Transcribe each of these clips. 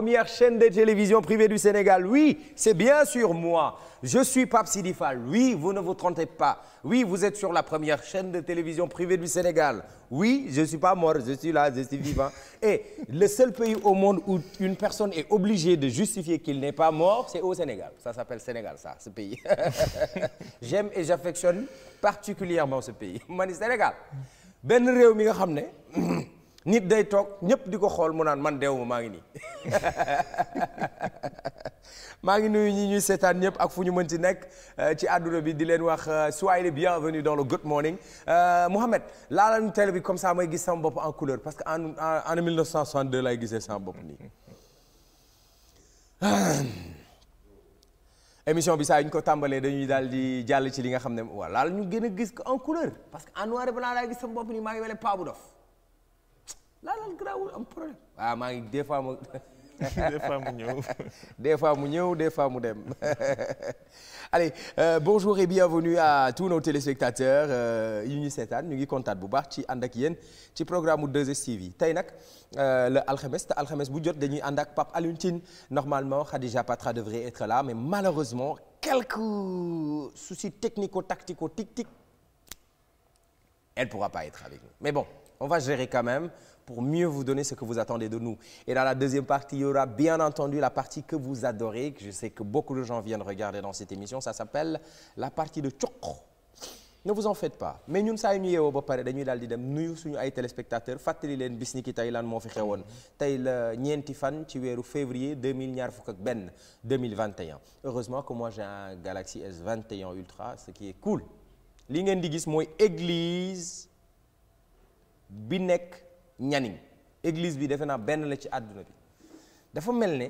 Première chaîne de télévision privée du Sénégal. Oui, c'est bien sûr moi. Je suis Pape Sidi Fall. Oui, vous ne vous trompez pas. Oui, vous êtes sur la première chaîne de télévision privée du Sénégal. Oui, je suis pas mort, je suis là, je suis vivant. Et le seul pays au monde où une personne est obligée de justifier qu'il n'est pas mort, c'est au Sénégal. Ça s'appelle Sénégal, ça, ce pays. J'aime et j'affectionne particulièrement ce pays. Man Sénégal. benn réew mi nga xam ne nit day toog ñëpp di ko xool mu naan man deewuma maa ngi nii maa ngi nuyu ñi ñuy seetaan ñëpp ak fu ñu mën ci nekk eh, ci àdduna bi di leen wax eh, soyez les bienvenus dans le good morning eh, Mouhamed laala ñu télé bi comme ça may gis sama bopp en couleur parce que en en en 1962 lay gisee sama bopp nii. émission bi saa yu ñu ko tàmbalee dañuy daal di jàll ci li nga xam ne voilà ñu gën a gis ko en couleur parce que en noir et blanc laay gis sama bopp nii maa ngi mel ne paa bu dof laalal garaawul am problème waaw ah, maa ngi des fois mu des fois mu ñëw des fois mu ñëw des fois mu dem allez euh, bonjour et bienvenue à tous nos téléspectateurs euh, yu ñu seetaan ñu ngi kontaan bu baax ci ànd ak yéen ci programme 2STV yi tey nag euh, le alxames te alxames bu jot dañuy ànd ak Pape Alioune Tine normalement Khadija Patra devrait être là mais malheureusement quelques soucis technico-tactico-tic-tic elle pourra pas être avec nous on va gérer quand même pour mieux vous donner ce que vous attendez de nous. Et dans la deuxième partie, il y aura bien entendu la partie que vous adorez, je sais que beaucoup de gens viennent regarder dans cette émission. Ça s'appelle la partie de Cokko. ne vous en faites pas mais ñun saa yu ñu février 2000 ñaar fukk heureusement que moi j'ai un Galaxy s Ultra ce qui est cool li ngeen église bi nekk ñaniñ église bi defe naa benn la ci àdduna bi dafa mel ne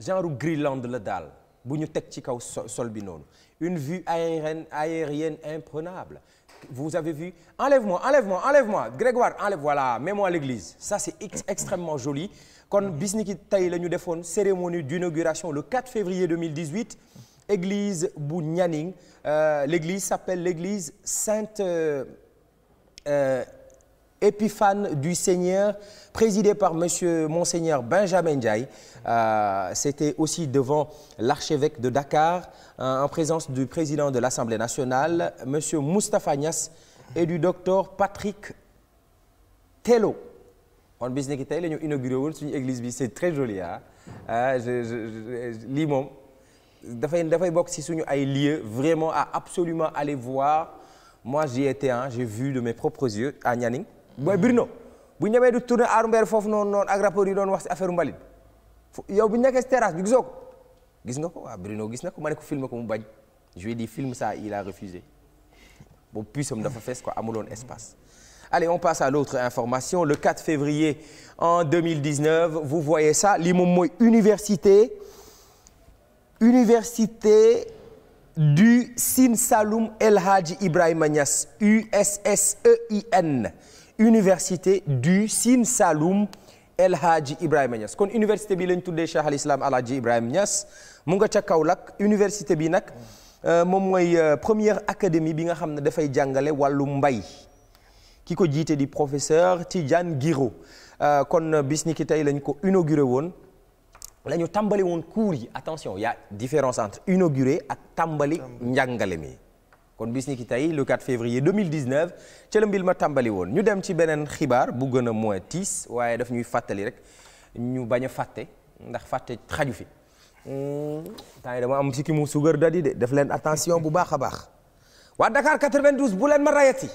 genre Greenland la daal bu ñu teg ci kaw sol bi noonu une vue aérienne aérienne imprenable vous avez vu enlève-moi enlève-moi enlève-moi Grégoire enlève voilà mets-moi à l'église ça c'est extrêmement joli kon bis ni ki tey la ñu defoon cérémonie d'inauguration le 4 février 2018 église bu Nianing euh, l'église s'appelle l'église Sainte euh, euh, Épiphane du Seigneur, présidé par monsieur Monseigneur Benjamin Ndiaye. Euh, c'était aussi devant l'archevêque de Dakar, euh, en présence du président de l'Assemblée nationale, monsieur Moustapha Niass, et du docteur Patrick Tello. kon bis ni ki tey la ñu inauguré woon suñu église bi c'est très joli ah. lii moom dafay dafay bokk ci suñu ay lieux vraiment à absolument aller voir moi j'y étais ah j'ai vu de mes propres yeux à Nianing. booy Birno bu ñemee du tourné aaru mbeer foofu noonu noonu ak rapport yi doon wax si affaire mbalit yow bu ñu nekkee gis nga ko waaw Birno gis na ma ne ko filmé ko mu bañ je film ça il a refusé boobu dafa fees quoi amuloon espace. Allez on passe à l'autre information le 4 février en 2019 vous voyez ça lii moom mooy université université du Sine Saloum El Ibrahima Niass université du Sine Saloum El Hadji Ibrahima Niass kon université bi lañ tuddee Cheikh al Islam El ibrahim Ibrahima mu nga ca kaw Kaolack université bi nag euh, moom mooy euh, première académie bi nga xam ne dafay jàngale wàllu mbay ki ko jiite di professeur Tidiane Guiro euh, kon bis ni ki tey lañ ko inauguré woon lañu tàmbali woon cours yi attention y a différence entre inauguré ak tàmbali njàngale mi kon bis ni ki tey le 4 février 2019 ca la mbir ma tàmbali woon ñu dem ci beneen xibaar bu gën a moins tiis waaye daf ñuy fàttali rek ñu bañ a fàtte ndax fàtte xaju fi hmm, temps yi dama am si ki mu sugar dadi de def leen attention bu baax a baax waa Dakar 92 bu leen ma rayati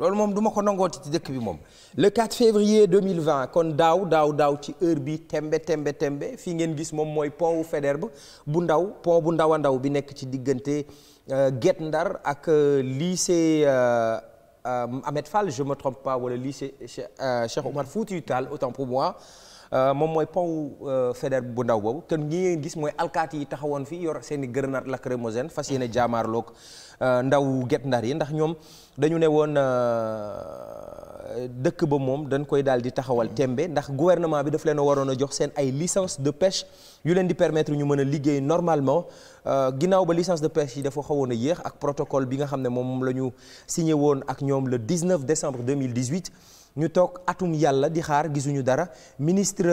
loolu moom du ma ko nangooti ci dëkk bi moom le 4 février 2020 kon daaw daaw daaw ci heure bi tembe tembe fii ngeen gis moom mooy pont wu Faidherbe bu ndaw pont bu ndaw a ndaw bi nekk ci diggante euh, Guet Ndar ak euh, lycée euh, Ahmed Fall je me trompe pas wala lycée Cheikh Omar Foutiyou Tall autant pour moi moom mooy pont wu Faidherbe bu ndaw boobu kon ñi ngeen gis mooy alkaati yi taxawoon fii yor seen i grenade lacrymogène fas yéene jaamaarloog Euh, ndaw Guet Ndar yi ndax ñoom dañu ne woon euh, dëkk ba moom dañ koy daal di taxawal tembe ndax guvernement bi daf leen a waroon a jox seen ay licence de pêche yu leen di permettre ñu mën a liggéey normalement euh, ginnaaw ba licence de pêche yi dafa xawoon a yéex ak protocole bi nga xam ne moom la ñu signé woon ak ñoom le 19 décembre 2018 ñu toog atum yàlla di xaar gisuñu dara ministre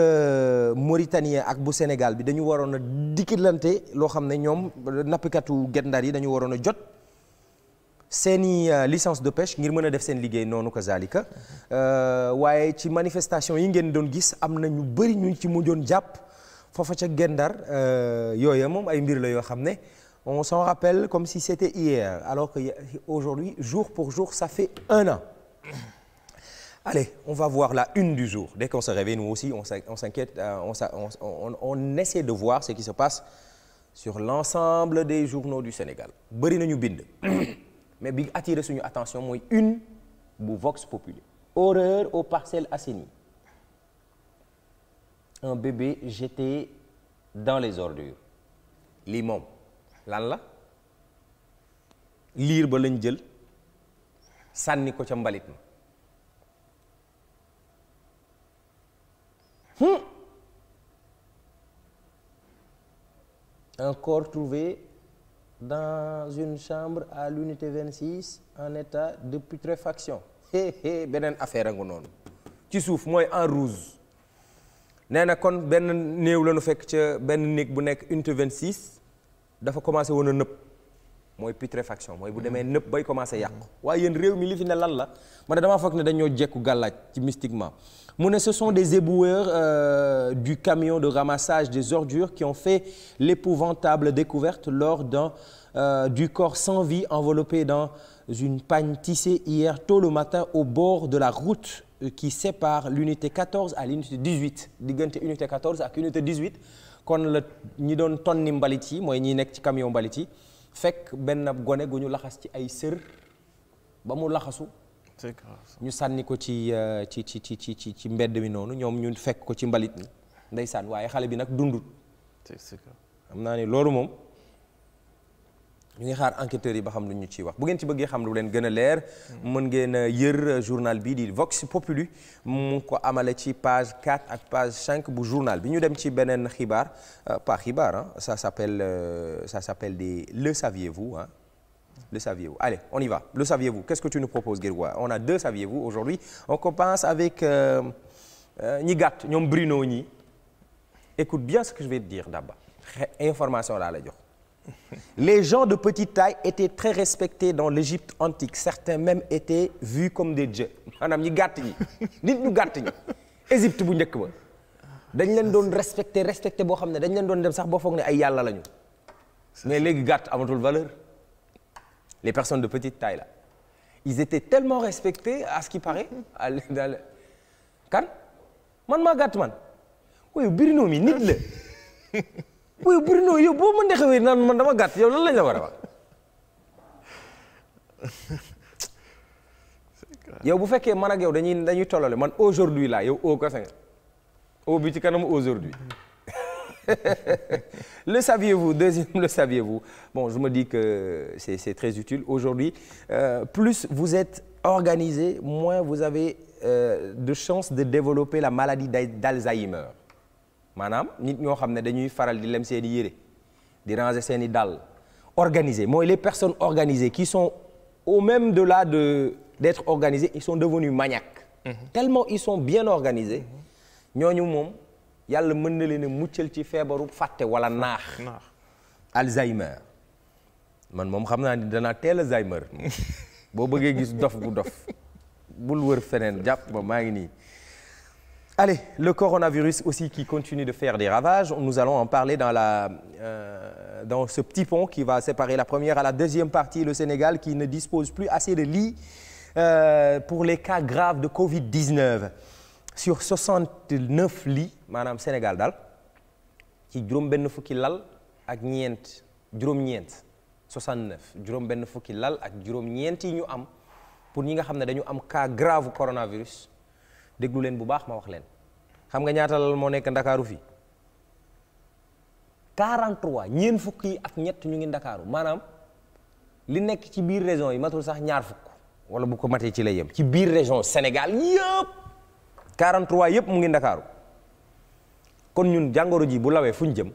mauritanien ak bu Sénégal bi dañu waroon a dikkilante loo xam ne ñoom nappkatu Guet yi dañu waroon a jot seen seeni euh, licence de pêche ngir mën a def seen liggéey noonu kazalika euh, waaye ci manifestation yi ngeen doon gis am na ñu bëri ñu ci mujjoon jàpp foofa ca Gendar euh, yooya moom ay mbir la yoo xam ne on s'en rappelle comme si c'était hier alors que aujourd'hui jour pour jour ça fait un an allez on va voir la une du jour dès qu'on se réveille aussi on s'inquiète on, on, on, on essaie de voir ce qui se passe sur l'ensemble des journaux du Sénégal bëri ñu bind mais bi attiré suñu attention mooy une bu Vox Populi horreur aux Parcelles Assainies un bébé jeté dans les ordures lii moom lan la liir ba lañ jël sànni ko ca mbalit ma hmm! un corps trouvé dans une chambre à l'unité 26 en état de faction beneen affaire a nga noonu ci suuf mooy en rouge nee na kon benn néew la nu fekk ca benn néeg bu nekk unité 26 dafa commencé woon nëpp mooy putréfaction mooy bu mhm. demee nëpp bay commencé mhm. yàqu waaye yéen réew mi li fi ne lan la ma ne damaa foog ne dañoo jekku gàllaaj ci mystiquement mu ne ce sont des éboueurs euh, du camion de ramassage des ordures qui ont fait l'épouvantable découverte lors d'un euh, du corps sans vie enveloppé dans une pagne tissée hier tôt le matin au bord de la route euh, qui sépare l'unité 14 à l'unité 18 diggante unité 14 ak unité 18 kon la ñi doon tonni mbalit yi mooy ñi nekk ci camion mbalit yi fekk benn ab gone gu ñu laxas ci ay sër ba mu laxasu ñu sànni ko euh, ci ci ci ci ci ci mbedd mi noonu ñoom ñu fekk ko ci mbalit mi ndeysaan waaye xale bi nag dundut am naa ne loolu moom ñu ngi xaar enquêteurs yi ba xam lu ñu ci wax bu ngeen ci bëggee xam lu leen gën a leer mën ngeen a yër journal bi di Vox Populi mu ko amale ci page 4 ak page cinq bu journal bi ñu dem ci beneen xibaar euh, pas xibaar ah ça s'appelle euh, ça s'appelle des le saviez-vous ah le saviez-vous allez on y va le saviez-vous qu'est-ce que tu nous proposes Guéroua on a deux saviez-vous aujourd'hui on commence avec euh, ñi gàtt ñoom Bruno ñi écoute bien ce que je vais te dire Daba information laa la jox Les gens de petite taille étaient très respectés dans l'Égypte antique. Certains même étaient vus comme des dieux. maanaam ñi gàtt ñi nit ñu gàtt ñi Égypte bu njëkk ba dañ leen doon respecté respecté boo xam ne dañ leen doon dem sax boo foog ne ay yàlla lañu. mais léegi gàtt amatul valeur les personnes de petite taille la ils étaient tellement respectés à ce qui paraît à l' kan man maa gàtt man ooy birinoo mi nit la. booy Bruno yow boo ma nekkee naan man dama gàtt yow lan lañ la war a wax yow bu fekkee man ak dañuy dañuy tollale man aujourd'hui laa yow au kase nga au ci kanam aujourd'hui le saviez-vous deuxième le saviez-vous bon je me dis que c'est c'est très utile aujourd'hui euh, plus vous êtes organisé moins vous avez euh, de chances de développer la maladie d'Alzheimer maanaam nit ñoo xam ne dañuy faral di lem seen i yére di ranger seen i dàll organisé mooy les personnes organisées qui son au même de delà de d'être organisées ils sont devenus maniaques mhm. telement il ils sont bien ñoo ñu moom yàlla mën na leen a muccal ci feebaru fàtte wala naax Alzheimer man moom xam naa ni dana teel Alzheimer boo bëggee gis dof bu dof bul wër feneen jàpp ma maa ngi nii Allez, le coronavirus aussi qui continue de faire des ravages, nous allons en parler dans, la, euh, dans ce petit pont qui va séparer la première à la deuxième partie, le Sénégal qui ne dispose plus assez de lits euh, pour les cas graves de Covid-19. Sur 69 lits maanaam Sénégal daal ci juróom benn lal ak ñeent juróom-ñeent 69 fukki lal ak juróom ñu am pour ñi nga xam ne dañu am cas grave coronavirus déglu leen bu baax ma wax leen xam nga ñaata lal moo nekk ndakaaru fii 43 ñeen fukk yi ak ñett ñu ngi ndakaaru maanaam li nekk ci biir région yi matul sax ñaar fukk wala bu ko matee ci la yem ci biir région Sénégal yëpp 43 yëpp mu ngi ndakaaru kon ñun jàngoro ji bu lawee fu ñu jëm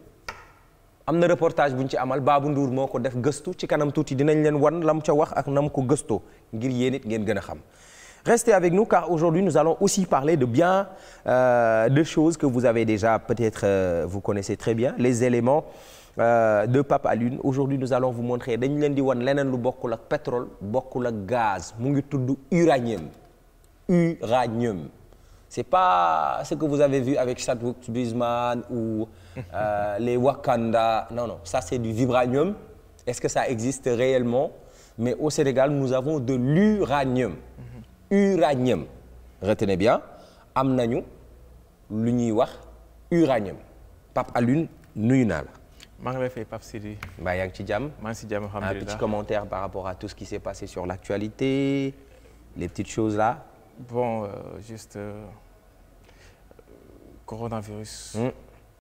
am na reportage buñ ci amal baabu Ndour moo ko def gëstu ci kanam tuuti dinañ leen wan mu ca wax ak nam ko gëstoo ngir yéen it ngeen gën a xam Restez avec nous car aujourd'hui nous allons aussi parler de bien euh, de choses que vous avez déjà peut-être euh, vous connaissez très bien les éléments euh, de Pape Alioune aujourd'hui nous allons vous montrer dañu leen di wan leneen lu bokkul ak pétrole bokkul ak gaz mu ngi tudd uranium uranium c'est pas ce que vous avez vu avec Chadwick Boseman ou euh, les Wakanda non non ça c'est du vibranium est-ce que ça existe réellement mais au Sénégal nous avons de l'uranium uranium retenez bien am nañu lu ñuy wax uranium Pape Alioune nuyu naa la. maa ngi lay fay Pape ci jàmm. maa ngi ci jàmm alhamdulilah un petit commentaire par rapport à tout ce qui s'est passé sur l'actualité les petites choses là. bon euh, juste euh, coronavirus. Hmm.